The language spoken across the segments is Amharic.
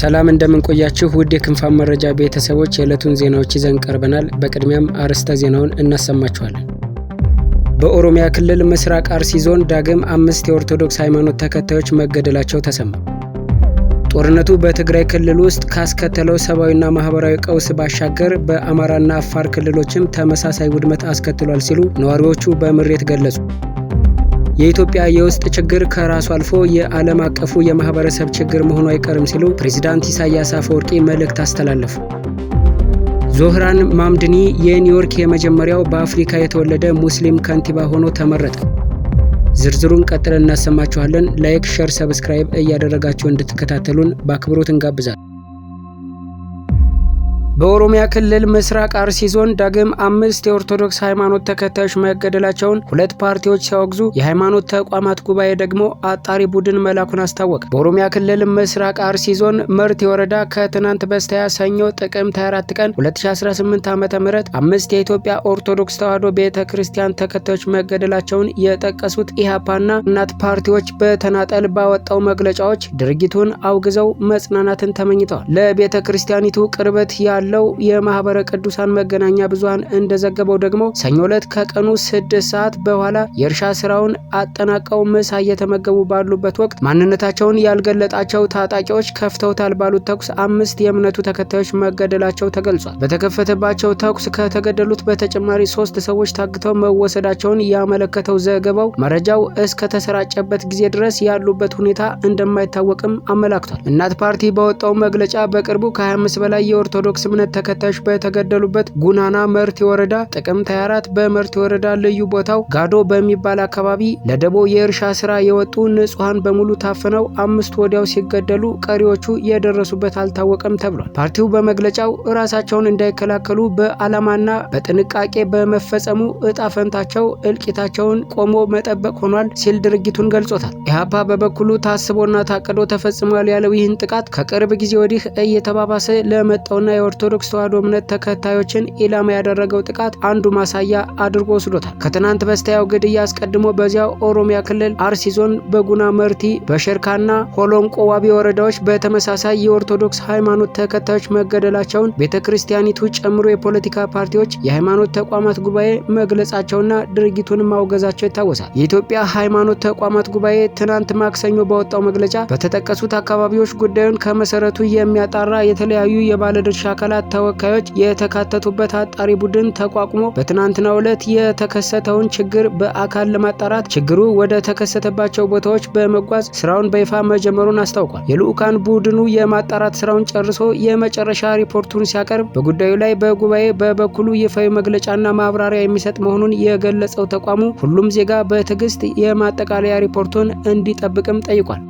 ሰላም እንደምንቆያችሁ ውድ የክንፋን መረጃ ቤተሰቦች፣ የዕለቱን ዜናዎች ይዘን ቀርበናል። በቅድሚያም አርዕስተ ዜናውን እናሰማችኋለን። በኦሮሚያ ክልል ምስራቅ አርሲ ዞን ዳግም አምስት የኦርቶዶክስ ሃይማኖት ተከታዮች መገደላቸው ተሰማ። ጦርነቱ በትግራይ ክልል ውስጥ ካስከተለው ሰብአዊና ማህበራዊ ቀውስ ባሻገር በአማራና አፋር ክልሎችም ተመሳሳይ ውድመት አስከትሏል ሲሉ ነዋሪዎቹ በምሬት ገለጹ። የኢትዮጵያ የውስጥ ችግር ከራሱ አልፎ የዓለም አቀፉ የማህበረሰብ ችግር መሆኑ አይቀርም ሲሉ ፕሬዚዳንት ኢሳያስ አፈወርቂ መልእክት አስተላለፉ። ዞህራን ማምድኒ የኒውዮርክ የመጀመሪያው በአፍሪካ የተወለደ ሙስሊም ከንቲባ ሆኖ ተመረጠ። ዝርዝሩን ቀጥለን እናሰማችኋለን። ላይክ፣ ሸር፣ ሰብስክራይብ እያደረጋችሁ እንድትከታተሉን በአክብሮት እንጋብዛለን። በኦሮሚያ ክልል ምስራቅ አርሲ ዞን ዳግም አምስት የኦርቶዶክስ ሃይማኖት ተከታዮች መገደላቸውን ሁለት ፓርቲዎች ሲያወግዙ የሃይማኖት ተቋማት ጉባኤ ደግሞ አጣሪ ቡድን መላኩን አስታወቀ። በኦሮሚያ ክልል ምስራቅ አርሲ ዞን መርቲ ወረዳ ከትናንት በስቲያ ሰኞ ጥቅምት 24 ቀን 2018 ዓ.ም አምስት የኢትዮጵያ ኦርቶዶክስ ተዋሕዶ ቤተ ክርስቲያን ተከታዮች መገደላቸውን የጠቀሱት ኢህአፓና እናት ፓርቲዎች በተናጠል ባወጣው መግለጫዎች ድርጊቱን አውግዘው መጽናናትን ተመኝተዋል። ለቤተ ክርስቲያኒቱ ቅርበት ያለ ያለው የማህበረ ቅዱሳን መገናኛ ብዙሃን እንደዘገበው ደግሞ ሰኞ ዕለት ከቀኑ ስድስት ሰዓት በኋላ የእርሻ ስራውን አጠናቀው ምሳ እየተመገቡ ባሉበት ወቅት ማንነታቸውን ያልገለጣቸው ታጣቂዎች ከፍተውታል ባሉት ተኩስ አምስት የእምነቱ ተከታዮች መገደላቸው ተገልጿል። በተከፈተባቸው ተኩስ ከተገደሉት በተጨማሪ ሶስት ሰዎች ታግተው መወሰዳቸውን ያመለከተው ዘገባው መረጃው እስከተሰራጨበት ጊዜ ድረስ ያሉበት ሁኔታ እንደማይታወቅም አመላክቷል። እናት ፓርቲ በወጣው መግለጫ በቅርቡ ከ25 በላይ የኦርቶዶክስ እምነት እምነት ተከታዮች በተገደሉበት ጉናና መርቲ ወረዳ ጥቅምት 24 በመርቲ ወረዳ ልዩ ቦታው ጋዶ በሚባል አካባቢ ለደቦ የእርሻ ስራ የወጡ ንጹሐን በሙሉ ታፍነው አምስት ወዲያው ሲገደሉ ቀሪዎቹ የደረሱበት አልታወቀም ተብሏል። ፓርቲው በመግለጫው ራሳቸውን እንዳይከላከሉ በዓላማና በጥንቃቄ በመፈጸሙ እጣ ፈንታቸው እልቂታቸውን ቆሞ መጠበቅ ሆኗል ሲል ድርጊቱን ገልጾታል። ኢህአፓ በበኩሉ ታስቦና ታቅዶ ተፈጽሟል ያለው ይህን ጥቃት ከቅርብ ጊዜ ወዲህ እየተባባሰ ለመጣውና የኦርቶ የኦርቶዶክስ ተዋሕዶ እምነት ተከታዮችን ኢላማ ያደረገው ጥቃት አንዱ ማሳያ አድርጎ ወስዶታል። ከትናንት በስቲያው ግድያ አስቀድሞ በዚያው ኦሮሚያ ክልል አርሲ ዞን በጉና መርቲ፣ በሸርካና ሆሎንቆ ዋቢ ወረዳዎች በተመሳሳይ የኦርቶዶክስ ሃይማኖት ተከታዮች መገደላቸውን ቤተ ክርስቲያኒቱ ጨምሮ የፖለቲካ ፓርቲዎች የሃይማኖት ተቋማት ጉባኤ መግለጻቸውና ድርጊቱን ማውገዛቸው ይታወሳል። የኢትዮጵያ ሃይማኖት ተቋማት ጉባኤ ትናንት ማክሰኞ ባወጣው መግለጫ በተጠቀሱት አካባቢዎች ጉዳዩን ከመሰረቱ የሚያጣራ የተለያዩ የባለድርሻ አካላት አካላት ተወካዮች የተካተቱበት አጣሪ ቡድን ተቋቁሞ በትናንትናው ዕለት የተከሰተውን ችግር በአካል ለማጣራት ችግሩ ወደ ተከሰተባቸው ቦታዎች በመጓዝ ስራውን በይፋ መጀመሩን አስታውቋል። የልዑካን ቡድኑ የማጣራት ስራውን ጨርሶ የመጨረሻ ሪፖርቱን ሲያቀርብ በጉዳዩ ላይ በጉባኤ በበኩሉ ይፋዊ መግለጫና ማብራሪያ የሚሰጥ መሆኑን የገለጸው ተቋሙ ሁሉም ዜጋ በትዕግስት የማጠቃለያ ሪፖርቱን እንዲጠብቅም ጠይቋል።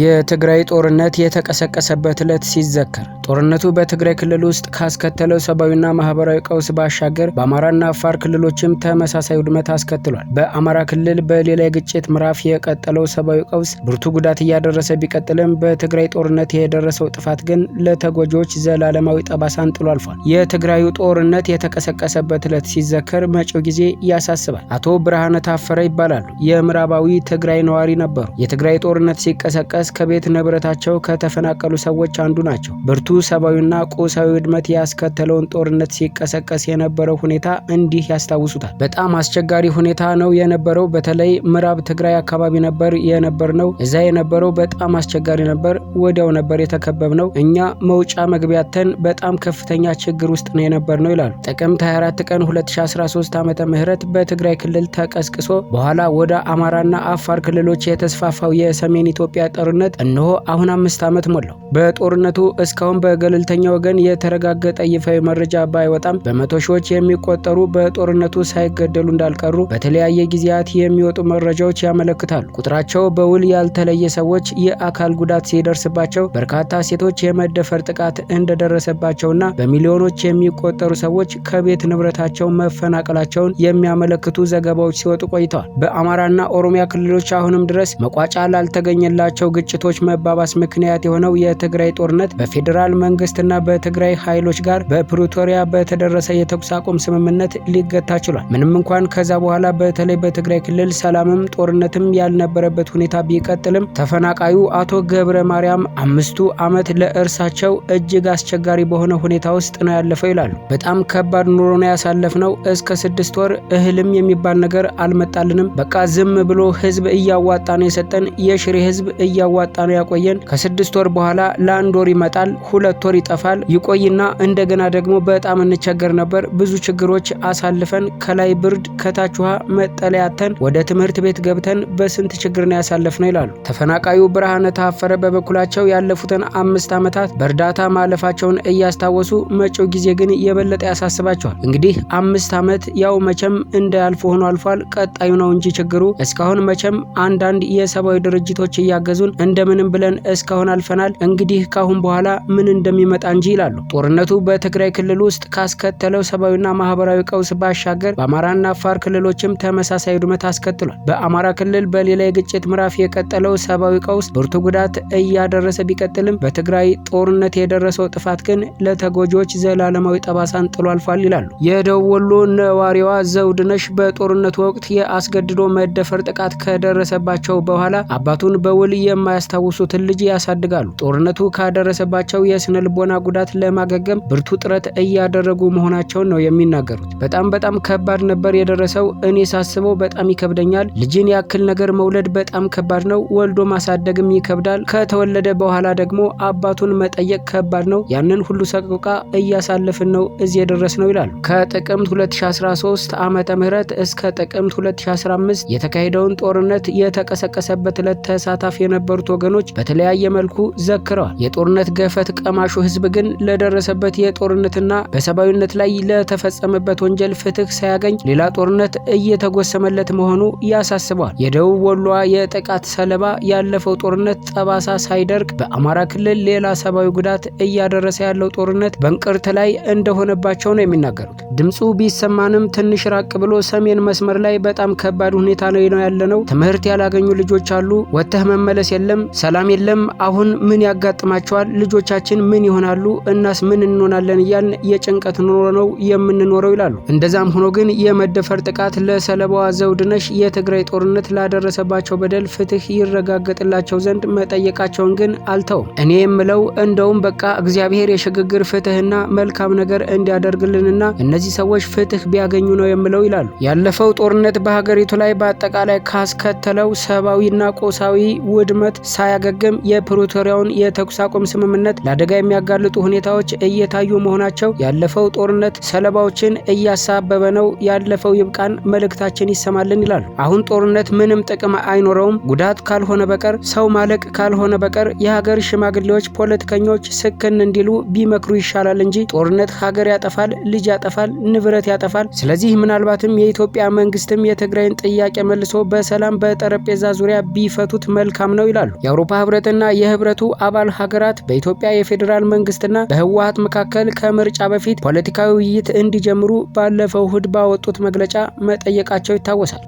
የትግራይ ጦርነት የተቀሰቀሰበት ዕለት ሲዘከር ጦርነቱ በትግራይ ክልል ውስጥ ካስከተለው ሰብአዊና ማህበራዊ ቀውስ ባሻገር በአማራና አፋር ክልሎችም ተመሳሳይ ውድመት አስከትሏል። በአማራ ክልል በሌላ የግጭት ምዕራፍ የቀጠለው ሰብአዊ ቀውስ ብርቱ ጉዳት እያደረሰ ቢቀጥልም በትግራይ ጦርነት የደረሰው ጥፋት ግን ለተጎጂዎች ዘላለማዊ ጠባሳን ጥሎ አልፏል። የትግራዩ ጦርነት የተቀሰቀሰበት ዕለት ሲዘከር መጪው ጊዜ ያሳስባል። አቶ ብርሃነ ታፈረ ይባላሉ። የምዕራባዊ ትግራይ ነዋሪ ነበሩ። የትግራይ ጦርነት ሲቀሰቀስ በመድረስ ከቤት ንብረታቸው ከተፈናቀሉ ሰዎች አንዱ ናቸው። ብርቱ ሰብአዊና ቁሳዊ ውድመት ያስከተለውን ጦርነት ሲቀሰቀስ የነበረው ሁኔታ እንዲህ ያስታውሱታል። በጣም አስቸጋሪ ሁኔታ ነው የነበረው። በተለይ ምዕራብ ትግራይ አካባቢ ነበር የነበር ነው። እዛ የነበረው በጣም አስቸጋሪ ነበር። ወዲያው ነበር የተከበብ ነው። እኛ መውጫ መግቢያተን በጣም ከፍተኛ ችግር ውስጥ ነው የነበር ነው ይላሉ። ጥቅምት 24 ቀን 2013 ዓመተ ምህረት በትግራይ ክልል ተቀስቅሶ በኋላ ወደ አማራና አፋር ክልሎች የተስፋፋው የሰሜን ኢትዮጵያ ጦርነት ጦርነት እነሆ አሁን አምስት ዓመት ሞላው። በጦርነቱ እስካሁን በገለልተኛ ወገን የተረጋገጠ ይፋዊ መረጃ ባይወጣም በመቶ ሺዎች የሚቆጠሩ በጦርነቱ ሳይገደሉ እንዳልቀሩ በተለያየ ጊዜያት የሚወጡ መረጃዎች ያመለክታሉ። ቁጥራቸው በውል ያልተለየ ሰዎች የአካል ጉዳት ሲደርስባቸው፣ በርካታ ሴቶች የመደፈር ጥቃት እንደደረሰባቸውና በሚሊዮኖች የሚቆጠሩ ሰዎች ከቤት ንብረታቸው መፈናቀላቸውን የሚያመለክቱ ዘገባዎች ሲወጡ ቆይተዋል። በአማራና ኦሮሚያ ክልሎች አሁንም ድረስ መቋጫ ላልተገኘላቸው ግጭቶች መባባስ ምክንያት የሆነው የትግራይ ጦርነት በፌዴራል መንግስትና በትግራይ ኃይሎች ጋር በፕሪቶሪያ በተደረሰ የተኩስ አቁም ስምምነት ሊገታ ችሏል። ምንም እንኳን ከዛ በኋላ በተለይ በትግራይ ክልል ሰላምም ጦርነትም ያልነበረበት ሁኔታ ቢቀጥልም ተፈናቃዩ አቶ ገብረ ማርያም አምስቱ ዓመት ለእርሳቸው እጅግ አስቸጋሪ በሆነ ሁኔታ ውስጥ ነው ያለፈው ይላሉ። በጣም ከባድ ኑሮ ነው ያሳለፍነው። እስከ ስድስት ወር እህልም የሚባል ነገር አልመጣልንም። በቃ ዝም ብሎ ህዝብ እያዋጣ ነው የሰጠን። የሽሬ ህዝብ እያ እያዋጣ ነው ያቆየን። ከስድስት ወር በኋላ ለአንድ ወር ይመጣል፣ ሁለት ወር ይጠፋል፣ ይቆይና እንደገና ደግሞ በጣም እንቸገር ነበር። ብዙ ችግሮች አሳልፈን ከላይ ብርድ ከታች ውሃ መጠለያተን ወደ ትምህርት ቤት ገብተን በስንት ችግር ነው ያሳለፍ ነው ይላሉ። ተፈናቃዩ ብርሃነ ተፈረ በበኩላቸው ያለፉትን አምስት ዓመታት በእርዳታ ማለፋቸውን እያስታወሱ መጪው ጊዜ ግን የበለጠ ያሳስባቸዋል። እንግዲህ አምስት ዓመት ያው መቼም እንዳያልፍ ሆኖ አልፏል። ቀጣዩ ነው እንጂ ችግሩ እስካሁን መቼም አንዳንድ የሰብአዊ ድርጅቶች እያገዙን እንደምንም ብለን እስካሁን አልፈናል፣ እንግዲህ ካሁን በኋላ ምን እንደሚመጣ እንጂ ይላሉ። ጦርነቱ በትግራይ ክልል ውስጥ ካስከተለው ሰብአዊና ማህበራዊ ቀውስ ባሻገር በአማራና አፋር ክልሎችም ተመሳሳይ ውድመት አስከትሏል። በአማራ ክልል በሌላ የግጭት ምዕራፍ የቀጠለው ሰብአዊ ቀውስ ብርቱ ጉዳት እያደረሰ ቢቀጥልም በትግራይ ጦርነት የደረሰው ጥፋት ግን ለተጎጂዎች ዘላለማዊ ጠባሳን ጥሎ አልፏል ይላሉ። የደቡብ ወሎ ነዋሪዋ ዘውድነሽ በጦርነቱ ወቅት የአስገድዶ መደፈር ጥቃት ከደረሰባቸው በኋላ አባቱን በውል የማያስታውሱትን ልጅ ያሳድጋሉ። ጦርነቱ ካደረሰባቸው የስነ ልቦና ጉዳት ለማገገም ብርቱ ጥረት እያደረጉ መሆናቸውን ነው የሚናገሩት። በጣም በጣም ከባድ ነበር የደረሰው። እኔ ሳስበው በጣም ይከብደኛል። ልጅን ያክል ነገር መውለድ በጣም ከባድ ነው። ወልዶ ማሳደግም ይከብዳል። ከተወለደ በኋላ ደግሞ አባቱን መጠየቅ ከባድ ነው። ያንን ሁሉ ሰቆቃ እያሳለፍን ነው እዚህ የደረስ ነው ይላሉ። ከጥቅምት 2013 ዓመተ ምህረት እስከ ጥቅምት 2015 የተካሄደውን ጦርነት የተቀሰቀሰበት ዕለት ተሳታፊ የነበሩ የነበሩት ወገኖች በተለያየ መልኩ ዘክረዋል። የጦርነት ገፈት ቀማሹ ህዝብ ግን ለደረሰበት የጦርነትና በሰብአዊነት ላይ ለተፈጸመበት ወንጀል ፍትህ ሳያገኝ ሌላ ጦርነት እየተጎሰመለት መሆኑ ያሳስበዋል። የደቡብ ወሎዋ የጥቃት ሰለባ ያለፈው ጦርነት ጠባሳ ሳይደርቅ በአማራ ክልል ሌላ ሰብአዊ ጉዳት እያደረሰ ያለው ጦርነት በእንቅርት ላይ እንደሆነባቸው ነው የሚናገሩት። ድምፁ ቢሰማንም ትንሽ ራቅ ብሎ ሰሜን መስመር ላይ በጣም ከባድ ሁኔታ ነው ያለነው። ትምህርት ያላገኙ ልጆች አሉ። ወጥተህ መመለስ የለ የለም፣ ሰላም የለም። አሁን ምን ያጋጥማቸዋል? ልጆቻችን ምን ይሆናሉ? እናስ ምን እንሆናለን? እያልን የጭንቀት ኑሮ ነው የምንኖረው ይላሉ። እንደዛም ሆኖ ግን የመደፈር ጥቃት ለሰለባዋ ዘውድነሽ የትግራይ ጦርነት ላደረሰባቸው በደል ፍትህ ይረጋገጥላቸው ዘንድ መጠየቃቸውን ግን አልተውም። እኔ የምለው እንደውም በቃ እግዚአብሔር የሽግግር ፍትህና መልካም ነገር እንዲያደርግልንና እነዚህ ሰዎች ፍትህ ቢያገኙ ነው የምለው ይላሉ። ያለፈው ጦርነት በሀገሪቱ ላይ በአጠቃላይ ካስከተለው ሰብአዊና ቆሳዊ ውድመት ዓመታት ሳያገግም የፕሪቶሪያውን የተኩስ አቁም ስምምነት ለአደጋ የሚያጋልጡ ሁኔታዎች እየታዩ መሆናቸው ያለፈው ጦርነት ሰለባዎችን እያሳበበ ነው። ያለፈው ይብቃን፣ መልእክታችን ይሰማልን ይላሉ። አሁን ጦርነት ምንም ጥቅም አይኖረውም፣ ጉዳት ካልሆነ በቀር ሰው ማለቅ ካልሆነ በቀር የሀገር ሽማግሌዎች፣ ፖለቲከኞች ስክን እንዲሉ ቢመክሩ ይሻላል እንጂ ጦርነት ሀገር ያጠፋል፣ ልጅ ያጠፋል፣ ንብረት ያጠፋል። ስለዚህ ምናልባትም የኢትዮጵያ መንግስትም የትግራይን ጥያቄ መልሶ በሰላም በጠረጴዛ ዙሪያ ቢፈቱት መልካም ነው ይላሉ። ይችላሉ። የአውሮፓ ህብረትና የህብረቱ አባል ሀገራት በኢትዮጵያ የፌዴራል መንግስትና በህወሀት መካከል ከምርጫ በፊት ፖለቲካዊ ውይይት እንዲጀምሩ ባለፈው እሁድ ባወጡት መግለጫ መጠየቃቸው ይታወሳል።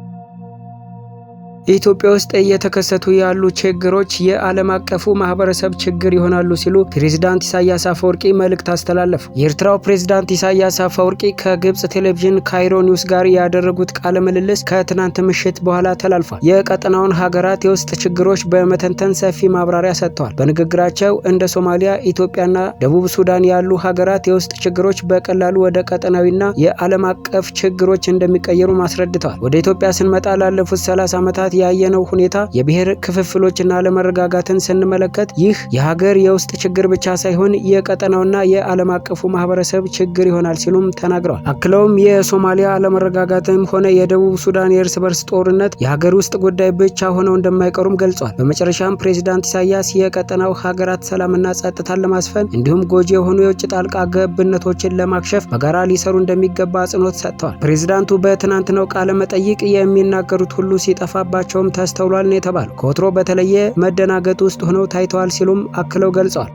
ኢትዮጵያ ውስጥ እየተከሰቱ ያሉ ችግሮች የዓለም አቀፉ ማህበረሰብ ችግር ይሆናሉ ሲሉ ፕሬዝዳንት ኢሳያስ አፈወርቂ መልእክት አስተላለፉ። የኤርትራው ፕሬዝዳንት ኢሳያስ አፈወርቂ ከግብጽ ቴሌቪዥን ካይሮ ኒውስ ጋር ያደረጉት ቃለ ምልልስ ከትናንት ምሽት በኋላ ተላልፏል። የቀጠናውን ሀገራት የውስጥ ችግሮች በመተንተን ሰፊ ማብራሪያ ሰጥተዋል። በንግግራቸው እንደ ሶማሊያ፣ ኢትዮጵያና ደቡብ ሱዳን ያሉ ሀገራት የውስጥ ችግሮች በቀላሉ ወደ ቀጠናዊና የዓለም አቀፍ ችግሮች እንደሚቀየሩ ማስረድተዋል። ወደ ኢትዮጵያ ስንመጣ ላለፉት 30 ዓመታት ያየነው ሁኔታ የብሔር ክፍፍሎችና አለመረጋጋትን ስንመለከት ይህ የሀገር የውስጥ ችግር ብቻ ሳይሆን የቀጠናውና የዓለም አቀፉ ማህበረሰብ ችግር ይሆናል ሲሉም ተናግረዋል። አክለውም የሶማሊያ አለመረጋጋትም ሆነ የደቡብ ሱዳን የእርስ በርስ ጦርነት የሀገር ውስጥ ጉዳይ ብቻ ሆነው እንደማይቀሩም ገልጿል። በመጨረሻም ፕሬዚዳንት ኢሳያስ የቀጠናው ሀገራት ሰላምና ጸጥታን ለማስፈን እንዲሁም ጎጂ የሆኑ የውጭ ጣልቃ ገብነቶችን ለማክሸፍ በጋራ ሊሰሩ እንደሚገባ አጽንኦት ሰጥተዋል። ፕሬዚዳንቱ በትናንትናው ቃለ መጠይቅ የሚናገሩት ሁሉ ሲጠፋባቸው መሆናቸውም ተስተውሏል ነው የተባለው። ከወትሮ በተለየ መደናገጥ ውስጥ ሆነው ታይተዋል ሲሉም አክለው ገልጸዋል።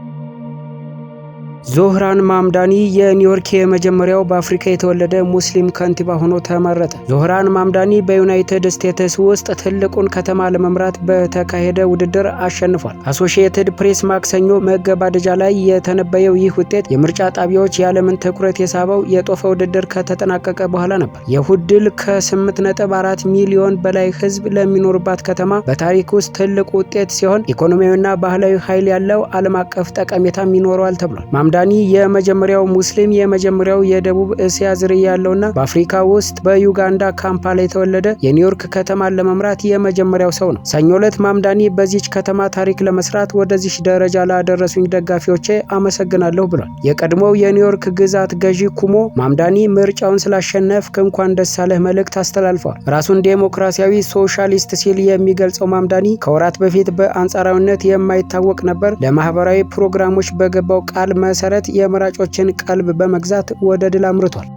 ዞህራን ማምዳኒ የኒውዮርክ የመጀመሪያው በአፍሪካ የተወለደ ሙስሊም ከንቲባ ሆኖ ተመረጠ። ዞህራን ማምዳኒ በዩናይትድ ስቴትስ ውስጥ ትልቁን ከተማ ለመምራት በተካሄደ ውድድር አሸንፏል። አሶሺየትድ ፕሬስ ማክሰኞ መገባደጃ ላይ የተነበየው ይህ ውጤት የምርጫ ጣቢያዎች የዓለምን ትኩረት የሳበው የጦፈ ውድድር ከተጠናቀቀ በኋላ ነበር። የእሁድ ድል ከ8.4 ሚሊዮን በላይ ሕዝብ ለሚኖርባት ከተማ በታሪክ ውስጥ ትልቅ ውጤት ሲሆን ኢኮኖሚያዊና ባህላዊ ኃይል ያለው ዓለም አቀፍ ጠቀሜታም ይኖረዋል ተብሏል። ሐምዳኒ የመጀመሪያው ሙስሊም የመጀመሪያው የደቡብ እስያ ዝርያ ያለውና በአፍሪካ ውስጥ በዩጋንዳ ካምፓላ የተወለደ የኒውዮርክ ከተማን ለመምራት የመጀመሪያው ሰው ነው። ሰኞ ዕለት ማምዳኒ በዚች ከተማ ታሪክ ለመስራት ወደዚች ደረጃ ላደረሱኝ ደጋፊዎቼ አመሰግናለሁ ብሏል። የቀድሞው የኒውዮርክ ግዛት ገዢ ኩሞ ማምዳኒ ምርጫውን ስላሸነፍክ እንኳን ደሳለህ መልእክት አስተላልፈዋል። ራሱን ዴሞክራሲያዊ ሶሻሊስት ሲል የሚገልጸው ማምዳኒ ከወራት በፊት በአንጻራዊነት የማይታወቅ ነበር። ለማህበራዊ ፕሮግራሞች በገባው ቃል መስ መሰረት የመራጮችን ቀልብ በመግዛት ወደ ድል አምርቷል።